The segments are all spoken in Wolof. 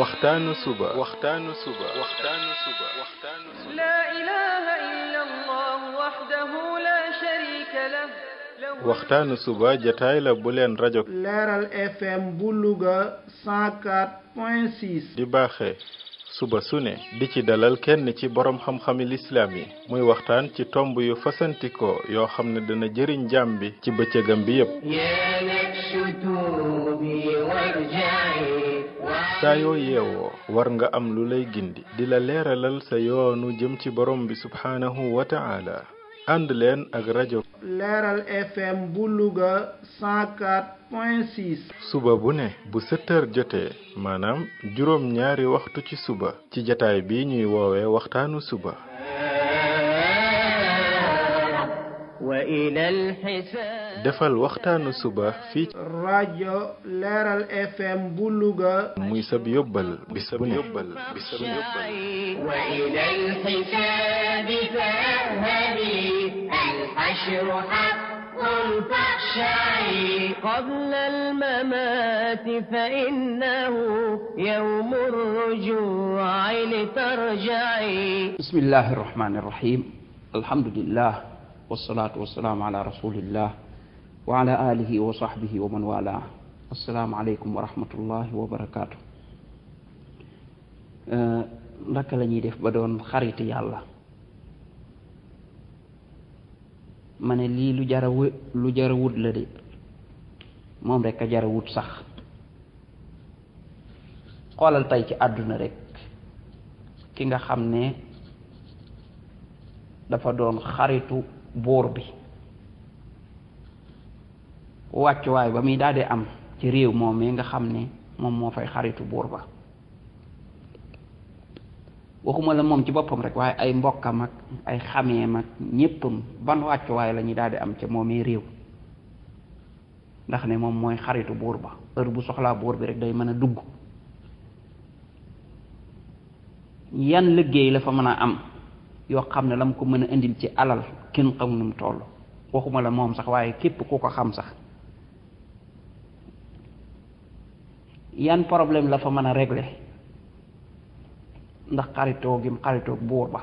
waxtaanu suba waxtaanu jataay la bu leen rajo leeral fm bu Louga 104.6 di baaxe suba su ne bi ci dalal kenn ci boroom xam-xami lislaam yi muy waxtaan ci tomb yu fasantikoo yoo xam ne dina jëriñ jaam bi ci bëccëgam bi yépp saa yoo yeewoo war nga am lu lay di la leeralal sa yoonu jëm ci borom bi subhaanahu wa taala ànd leen ak rajo leeral fm bu Louga 104.6 suba bu ne bu 7 jotee maanaam juróom ñaari waxtu ci suba ci jataay bi ñuy woowee waxtaanu suba defal waxtaanu suba fii rajo leeral fm bu Louga muy sab yóbbal bis bu ne bis bu ne wa ilal xisaabi fadhabi al xashru haqqun faxshari qabla al mamaati fa innahu yawmu rrujuu'i li tarja'i bismillahi rrahmani rrahim alhamdulillah wasalaatu wasalaamu ala rasulillah wa ala alihi wa sahbihi wa man wala asalaamaaleykum wa rahmatullahi wa barakaatu eh, ndaka la ñuy def ba doon xarit yàlla ma ne lii lu jara lu jara wut la de moom rek a jara wut sax xoolal tey ci àdduna rek ki nga xam ne dafa doon xaritu buur bi wàccuwaay ba muy daal di am ci réew moom mi nga xam ne moom moo fay xaritu buur ba waxuma la moom ci boppam rek waaye ay mbokkam ak ay xameem ak ñéppam ban wàccuwaay lañuy daal di am ca moomee réew ndax ne moom mooy xaritu buur ba heure bu soxlaa buur bi rek day mën a dugg yan liggéey la fa mën a am yoo xam ne la mu ko mën a indil ci alal kenn xam nu mu toll waxuma la moom sax waaye képp ku ko xam sax yan problème la fa mën a régler ndax xaritoo gim xaritoo buur ba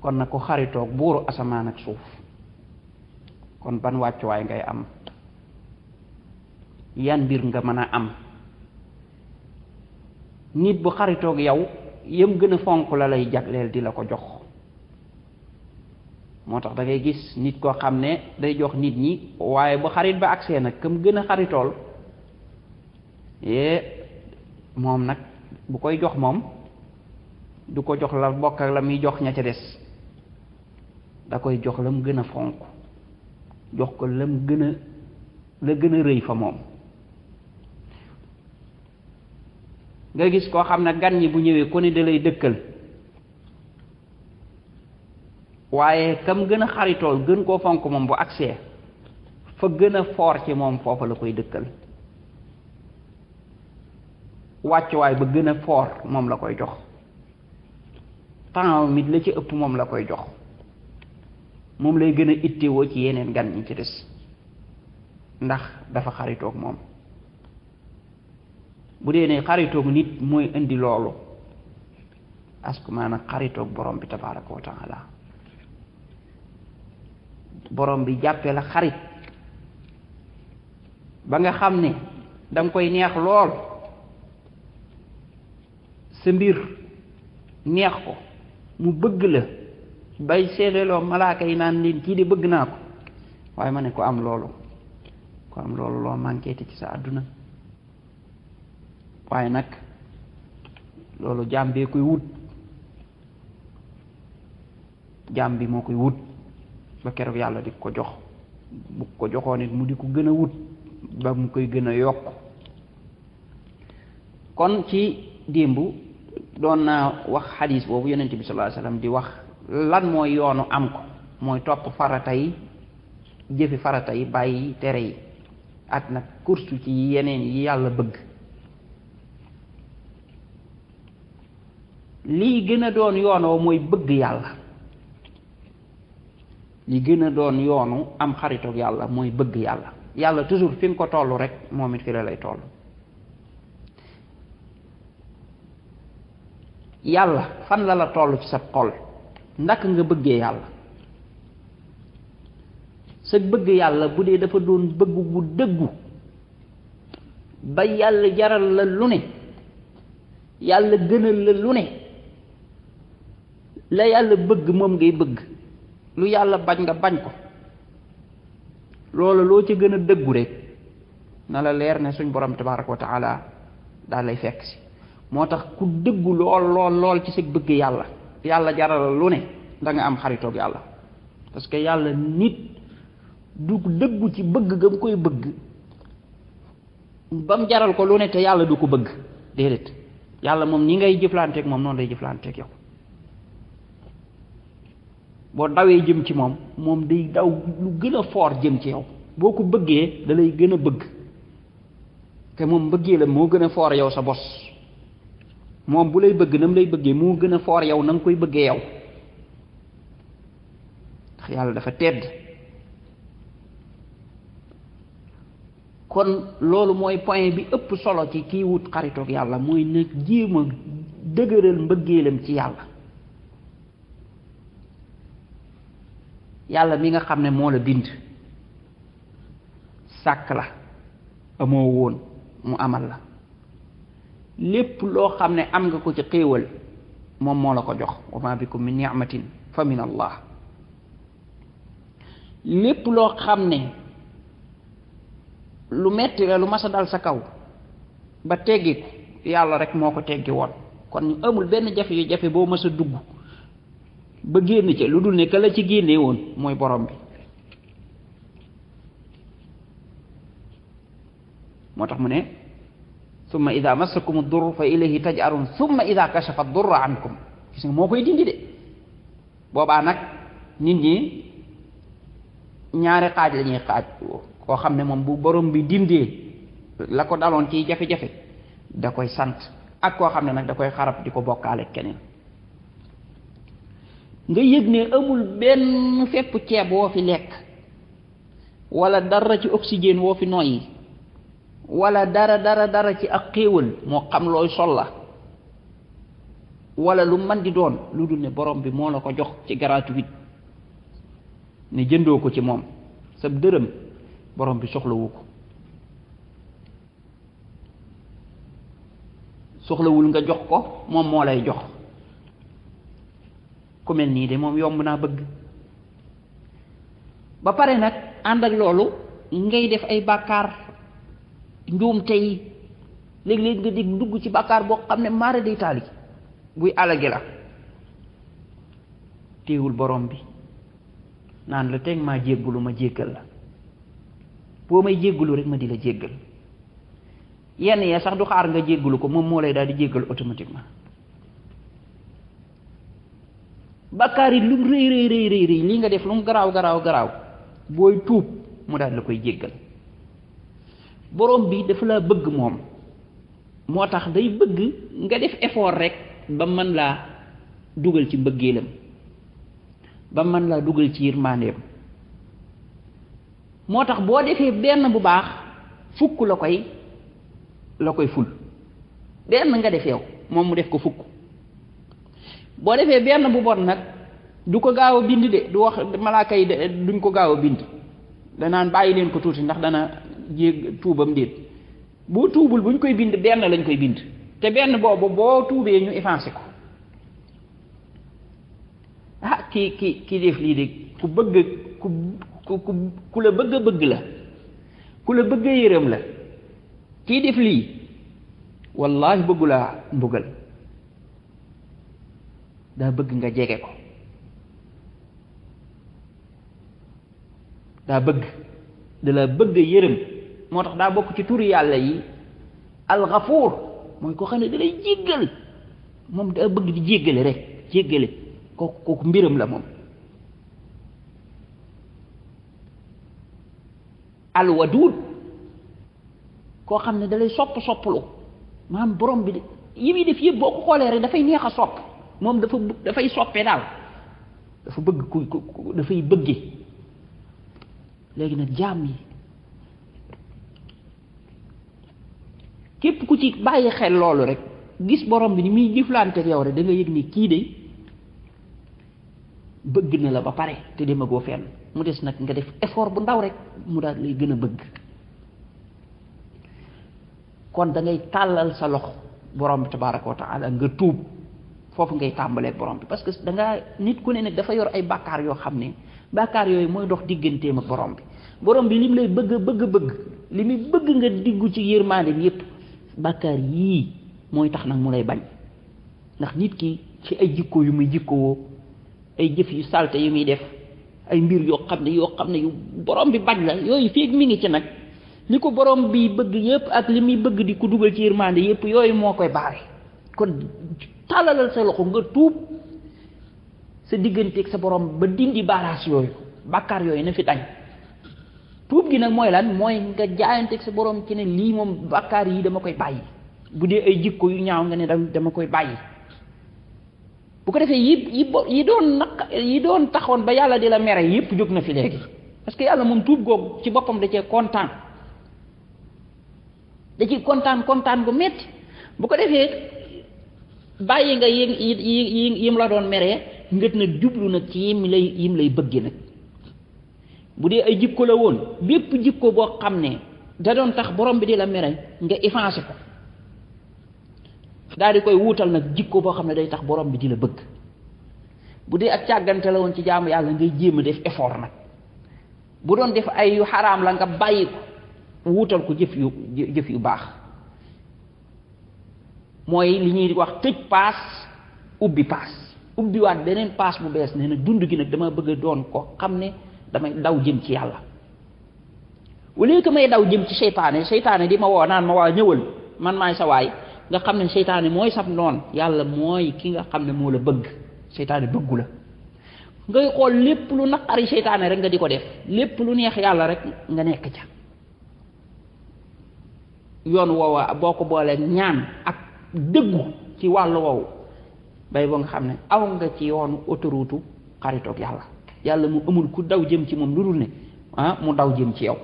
kon na ku xaritoog buuru asamaan ak suuf kon ban wàccuwaay ngay am yan mbir nga mën a am nit bu xaritoog yow yëm gën a fonk la lay jagleel di la ko jox moo tax dangay gis nit koo xam ne day jox nit ñi waaye bu xarit ba agsee nag kam gën a xaritool moom nag bu koy jox moom du ko jox la bokk la muy jox ña ca des da koy jox la mu gën a fonk jox ko la mu gën a la gën a rëy fa moom nga gis koo xam ne gan ñi bu ñëwee ku ne da lay dëkkal waaye kam gën a xaritool gën koo fonk moom bu agsee fa gën a foor ci moom foofa la koy dëkkal wàccuwaay ba gën a foor moom la koy jox temps mit la ci ëpp moom la koy jox moom lay gën a ittewoo ci yeneen gan ñi ci des ndax dafa xaritoog moom bu dee ne xaritoog nit mooy indi loolu askumaa nag xaritoog borom bi tabaraka wa taala borom bi jàppee la xarit ba nga xam ne danga koy neex lool sa mbir neex ko mu bëgg la bay seedeeloo malaaka yi naan leen kii de bëgg naa ko waaye ma ne ko am loolu ko am loolu loo manqué te ci sa àdduna waaye nag loolu jaam bee koy wut jaam bi moo koy wut ba keroog yàlla di ko jox bu ko joxoon it mu di ko gën a wut ba mu koy gën a yokk kon ci démb doon naa wax xadis boobu yeneen bi sallallahu alayhi di wax lan mooy yoonu am ko mooy topp farata yi jëfi farata yi bàyyi tere yi ak nag kursu ci yeneen yi yàlla bëgg lii gën a doon yoonoo mooy bëgg yàlla li gën a doon yoonu am xaritoog yàlla mooy bëgg yàlla yàlla toujours fi ko toll rek moom it fi la lay toll yàlla fan la la toll ci sa xol ndaka nga bëggee yàlla sa bëgg yàlla bu dee dafa doon bëgg gu dëggu ba yàlla jaral la lu ne yàlla gënal la lu ne la yàlla bëgg moom ngay bëgg lu yàlla bañ nga bañ ko loolu loo ci gën a dëggu rek na la leer ne suñ borom tabaraka wa daal lay fekk si moo tax ku dëggu lool lool lool ci sa bëgg yàlla yàlla jaral lu ne da nga am xaritoog yàlla parce que yàlla nit du dëggu ci bëgg gam koy bëgg ba jaral ko lu ne te yàlla du ko bëgg déedéet yàlla moom ni ngay jëflanteeg moom noonu lay jëflanteeg yow boo dawee jëm ci moom moom day daw lu gën a foor jëm ci yow boo ko bëggee da gën a bëgg te moom bëggee la moo gën a foor yow sa bos moom bu lay bëgg na mu lay bëggee mu gën a foor yow na nga koy bëggee yow ndax yàlla dafa tedd kon loolu mooy point bi ëpp solo ci kii wut xaritoog yàlla mooy nag jéem a dëgëral mbëggeelam ci yàlla yàlla mi nga xam ne moo la bind sàkk la amoo woon mu amal la lépp loo xam ne am nga ko ci xéewal moom moo la ko jox wa mi bikum min ni'matin fa min lépp loo xam ne lu metti la lu mas a dal sa kaw ba teggi yàlla rek moo ko teggi woon kon amul benn jafe yu jafe boo mas a dugg ba génn ca lu dul ne la ci génnee woon mooy borom bi moo tax mu ne summa ida massakum dur fa taj taj'arun summa ida kashafa durra ankum gis nga moo koy dindi boobaa nag nit ñi ñaari xaaj la ñuy xam ne moom bu borom bi dindee la ko daloon ciy jafe da koy sant ak koo xam ne nag da xarab di ko bokkaale keneen nga yëg ne amul benn fépp ceeb woo fi lekk wala dara ci oxygène woo fi nooyi wala dara dara dara ci ak xéewal moo xam looy sol la walla lu man di doon lu dul ni borom bi moo la ko jox ci gratuit ne jëndoo ko ci moom sa dërëm borom bi soxlawu ko soxlawul nga jox ko moom moo lay jox ku mel nii de moom yomb naa bëgg ba pare nag ànd ak loolu ngay def ay bàkkaar njuumte tey léegi-léegi nga dégg dugg ci bàkkaar boo xam ne maara day taali buy alage la téewul borom bi naan la teg maa jéggulu ma jéggal la boo may jéggulu rek ma di la jéggal yenn yee sax du xaar nga jéggulu ko moom moo lay daal di jéggal automatiquement bàkkaar yi lu mu rëy rëy rëy rëy lii nga def lu mu garaaw garaaw garaaw booy tuub mu daal la koy jéggal borom bi dafa laa bëgg moom moo tax day bëgg nga def effort rek ba mën laa dugal ci mbëggeelam ba mën laa dugal ci yërmandeem moo tax boo defee benn bu baax fukk la koy la koy ful benn nga def yow moom mu def ko fukk boo defee benn bu bon nag du ko gaaw a bind de du wax malaaka yi duñ ko gaaw a bind danaan bàyyi leen ko tuuti ndax dana jéeg tuubam déet bu tuubul bu ñu koy bind benn lañ koy bind te benn boobu boo tuubee ñu effacé ko ah ki ki ki def lii de ku bëgg ku ku ku la bëgg a bëgg la ku la bëgg yërëm la kii def lii wallaahi bëggu mbugal daa bëgg nga jege ko daa bëgg da bëgg a yërëm moo tax daa bokk ci turi yàlla yi alxafuur mooy koo xam ne da jéggal moom daa bëgg di jéggale rek jéggale kooku kooku mbiram la moom alwaduud koo xam ne da lay sopp sopplu maam borom bi de yi muy def yëpp boo ko xoolee rek dafay neex a sopp moom dafa dafay soppee daal dafa bëgg ku dafay bëgge léegi nag jaam yi képp ku ci bàyyi xel loolu rek gis borom bi ni muy jëflante ak yow rek da nga yëg ni kii de bëgg na la ba pare te demagoo fenn mu des nag nga def effort bu ndaw rek mu daal lay gën a bëgg kon da ngay tàllal sa lox borom bi tabaraka wa taala nga tuub foofu ngay tàmbalee borom bi parce que da nit ku ne nag dafa yor ay bàkkaar yoo xam ne bàkkaar yooyu mooy dox digganteem ak borom bi borom bi lim lay bëgg bëgg bëgg li muy bëgg nga diggu ci yërmaande yépp bàkkaar yii mooy tax nag mu lay bañ ndax nit ki ci ay jikko yu muy jikkowoo ay jëf yu salte yu muy def ay mbir yoo xam ne yoo xam ne yu borom bi bañ la yooyu fii mi ngi ci nag li ko borom bi bëgg yépp ak li muy bëgg di ko dugal ci yërmande yépp yooyu moo koy baare kon tàllalal sa loxo nga tuub sa digganteeg sa borom ba dindi baaraas yooyu bàkkaar yooyu na fi dañ tuub gi nag mooy lan mooy nga jaayanteeg sa borom ci ne lii moom bàkkaar yi dama koy bàyyi bu dee ay jikko yu ñaaw nga ne dama koy bàyyi bu ko defee yi yi yi doon naq yi doon taxoon ba yàlla di la mere yëpp jóg na fi léegi parce que yàlla moom tuub googu ci boppam da cee kontaan da ciy kontaan kontaan bu metti bu ko defee bàyyi nga yi yi yi yim la doon meree ngët nag jublu nag ci yim lay yim lay bëgge nag bu dee ay jikko la woon bépp jikko boo xam ne da doon tax borom bi di la mere nga effacé ko daal di koy wuutal nag jikko boo xam ne day tax borom bi di la bëgg bu dee ak càggante la woon ci jaamu yàlla ngay jéem a def effort nag bu doon def ay yu xaraam la nga bàyyi ko wuutal ko jëf yu jëf yu baax mooy li ñuy wax tëj paas ubbi paas ubbi waat beneen paas bu bees nee na dund gi nag dama bëgg doon ko xam ne damay daw jëm ci yàlla au lieu que may daw jëm ci seytaane seytaane di ma woo naan ma waa ñëwal man maay sa waay nga xam ne seytaane mooy sab noon yàlla mooy ki nga xam ne moo la bëgg seytaane bëggu la ngay xool lépp lu naqari rek nga di ko lépp lu neex yàlla rek nga nekk ca yoon woowa boo ko boolee ñaan ak dëggu ci wàllu woowu bay boo nga xam ne aw nga ci yoonu autoroute xaritoog yàlla yàlla mu amul ku daw jëm ci moom lu dul ne ah mu daw jëm ci yow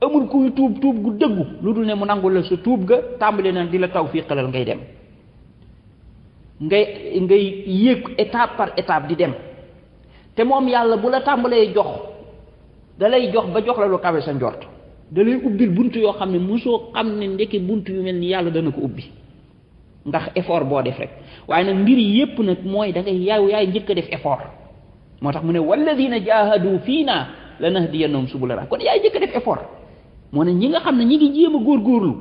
amul kuy tuub tuub gu dëggu lu dul ne mu nangul la sa tuub ga tàmbali na di la taw fii xelal ngay dem ngay ngay yéeg étape par étape di dem te moom yàlla bu la tàmbalee jox dalay jox ba jox la lu kawe sa njort da ubbil bunt yoo xam ne mosoo xam ne ndekki bunt yu mel ni yàlla dana ko ubbi ndax effort boo def rek waaye nag mbir yépp nag mooy dangay ngay yaw yaay njëkk a def effort moo tax mu ne walladina jahadu fii naa lanahdiyannahum subulana kon yaay jëkk def effort moo ne ñi nga xam ne ñi ngi jéem a góorgóorlu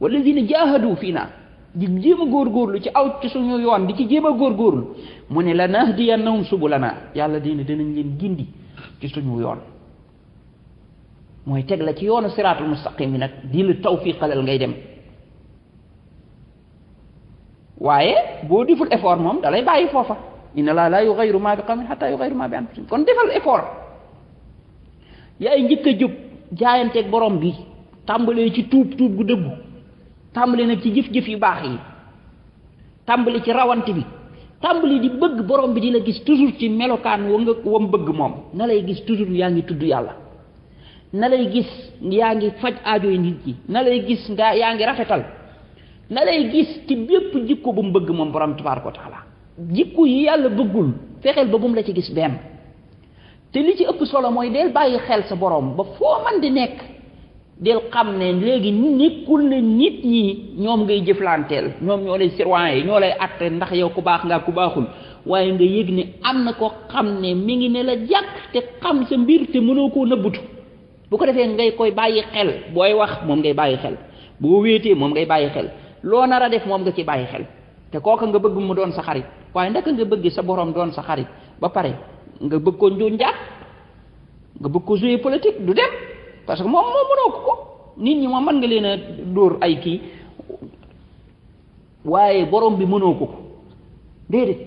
walladina jahadu fii naa di a góorgóorlu ci aw ci suñu yoon di ci jéem a góorgóorlu mu ne lanahdiyannahum subulana yàlla dina dinañ leen gindi ci suñu yoon mooy teg la ci yoonu siraatul mustaqim bi nag di la tawfiqalal ngay dem waaye boo deful moom dalay bàyyi foofa na laa laa yughayyiru maa bi qawmin hattaa yughayyiru maa bi anfusihim kon defal effort yaay njëkk a jóg jaayanteeg borom bi tàmbalee ci tuub tuub gu dëggu tàmbale nag ci jëf-jëf yu baax yi tàmbale ci rawant bi tàmbale di bëgg borom bi di la gis toujours ci melokaan wa nga wam bëgg moom na lay gis toujours yaa ngi tudd yàlla na lay gis yaa ngi faj aajoy nit ñi na lay gis nga yaa ngi rafetal na lay gis ci bépp jikko bu mu bëgg moom borom tabaaraka taala jikko yi yàlla bëggul fexeel ba bu mu la ci gis benn te li ci ëpp solo mooy del bàyyi xel sa boroom ba foo man di nekk del xam ne léegi nekkul ne nit ñi ñoom ngay jëflanteel ñoom ñoo lay surveiller ñoo lay atte ndax yow ku baax nga ku baaxul waaye nga yëg ni am na ko xam ne mi ngi ne la jàkk te xam sa mbir te mënoo koo nëbbutu bu ko defee ngay koy bàyyi xel booy wax moom ngay bàyyi xel boo wéetee moom ngay bàyyi xel loo nar a def moom nga ci bàyyi xel te kooka nga bëgg mu doon sa xarit waaye ndaka nga bëgg sa borom doon sa xarit ba pare nga bëgg ko njuuñ njaat nga bëgg ko jouer politique du dem parce que moom moom mënoo ko ko nit ñi moom mën nga leen a dóor ay kii waaye borom bi mënoo ko ko déedéet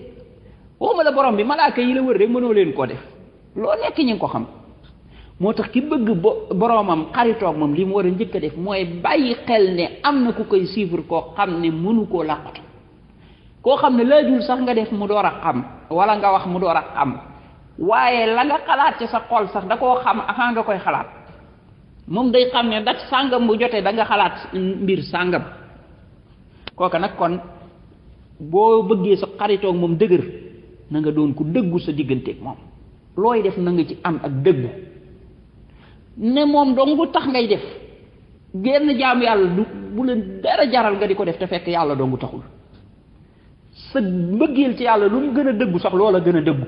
waxuma la borom bi malaaka yi la wër rek mënoo leen koo def loo nekk ñi ngi ko xam moo tax ki bëgg bo boroomam xaritoog moom li mu war a njëkk a def mooy bàyyi xel ne am na ku koy suivre ko xam ne mënu koo làqatu koo xam ne laajul sax nga def mu door a xam wala nga wax mu door a xam waaye la nga xalaat ci sa xol sax da koo xam avant nga koy xalaat moom day xam ne sàngam bu jotee da xalaat mbir sàngam kooka nag kon boo bëggee sa xaritoog moom dëgër na nga doon ku dëggu sa digganteeg moom looy def na nga ci am ak dëggu ne moom dongu tax ngay def genn jaam yàlla du bu leen dara jaral nga di ko def te fekk yàlla dongu taxul sa mbëggeel ci yàlla lu mu gën a dëggu sax loola gën a dëggu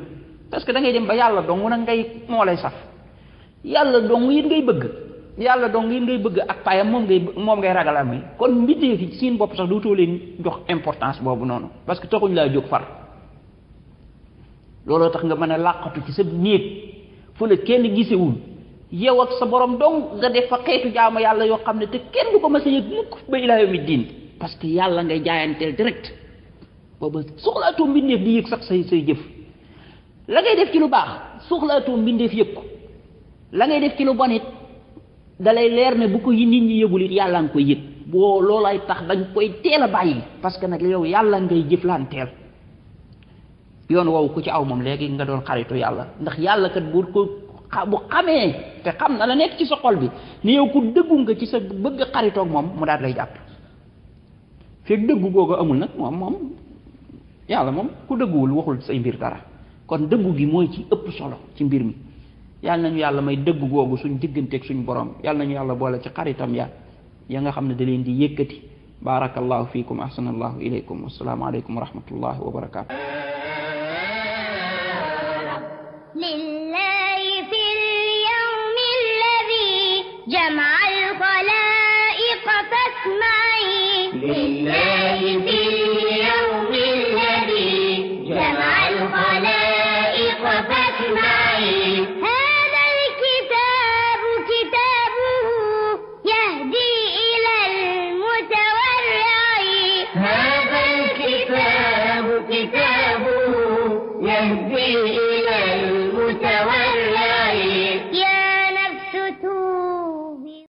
parce que dangay dem ba yàlla dong nag ngay moo lay saf yàlla dong it ngay bëgg yàlla dong it ngay bëgg ak payam moom ngay moom ngay ragal amee kon mbindee fi seen bopp sax dootoo leen jox importance boobu noonu parce que taxuñ laa jóg far looloo tax nga mën a làqatu ci sa néeg fu la kenn gisewul yow ak sa borom dong nga def fa xeetu jaamu yàlla yoo xam ne te kenn du ko mës a yëg parce que yàlla ngay jaayanteel direct booba soxlaatoo mbindeef di yëg sax say say jëf la ngay def ci lu baax soxlaatoo mbindeef yëg ko la ngay def ci lu bon it dalay leer ne bu ko nit ñi yëgul it yàlla nga koy yëg boo ay tax dañ koy teel a bàyyi parce que nag yow yàlla ngay jëflanteel yoon woowu ku ci aw moom léegi nga doon xaritu yàlla ndax yàlla kat bu ko bu xamee te xam na la nekk ci sa xol bi ne yow ku dëggu nga ci sa bëgg xaritoog moom mu daal lay jàpp fekk dëggu googu amul nag moom moom yàlla moom ku dëgguwul waxul say mbir tara kon dëggu gi mooy ci ëpp solo ci mbir mi yàlla nañu yàlla may dëgg googu suñ digganteeg suñ borom yàlla nañu yàlla boole ci xaritam ya ya nga xam ne da leen di yëkkati barakallahu fiikum ahsanallahu ilaykum wassalaamu aleykum wa rahmatullahi wa barakaatu لله في اليوم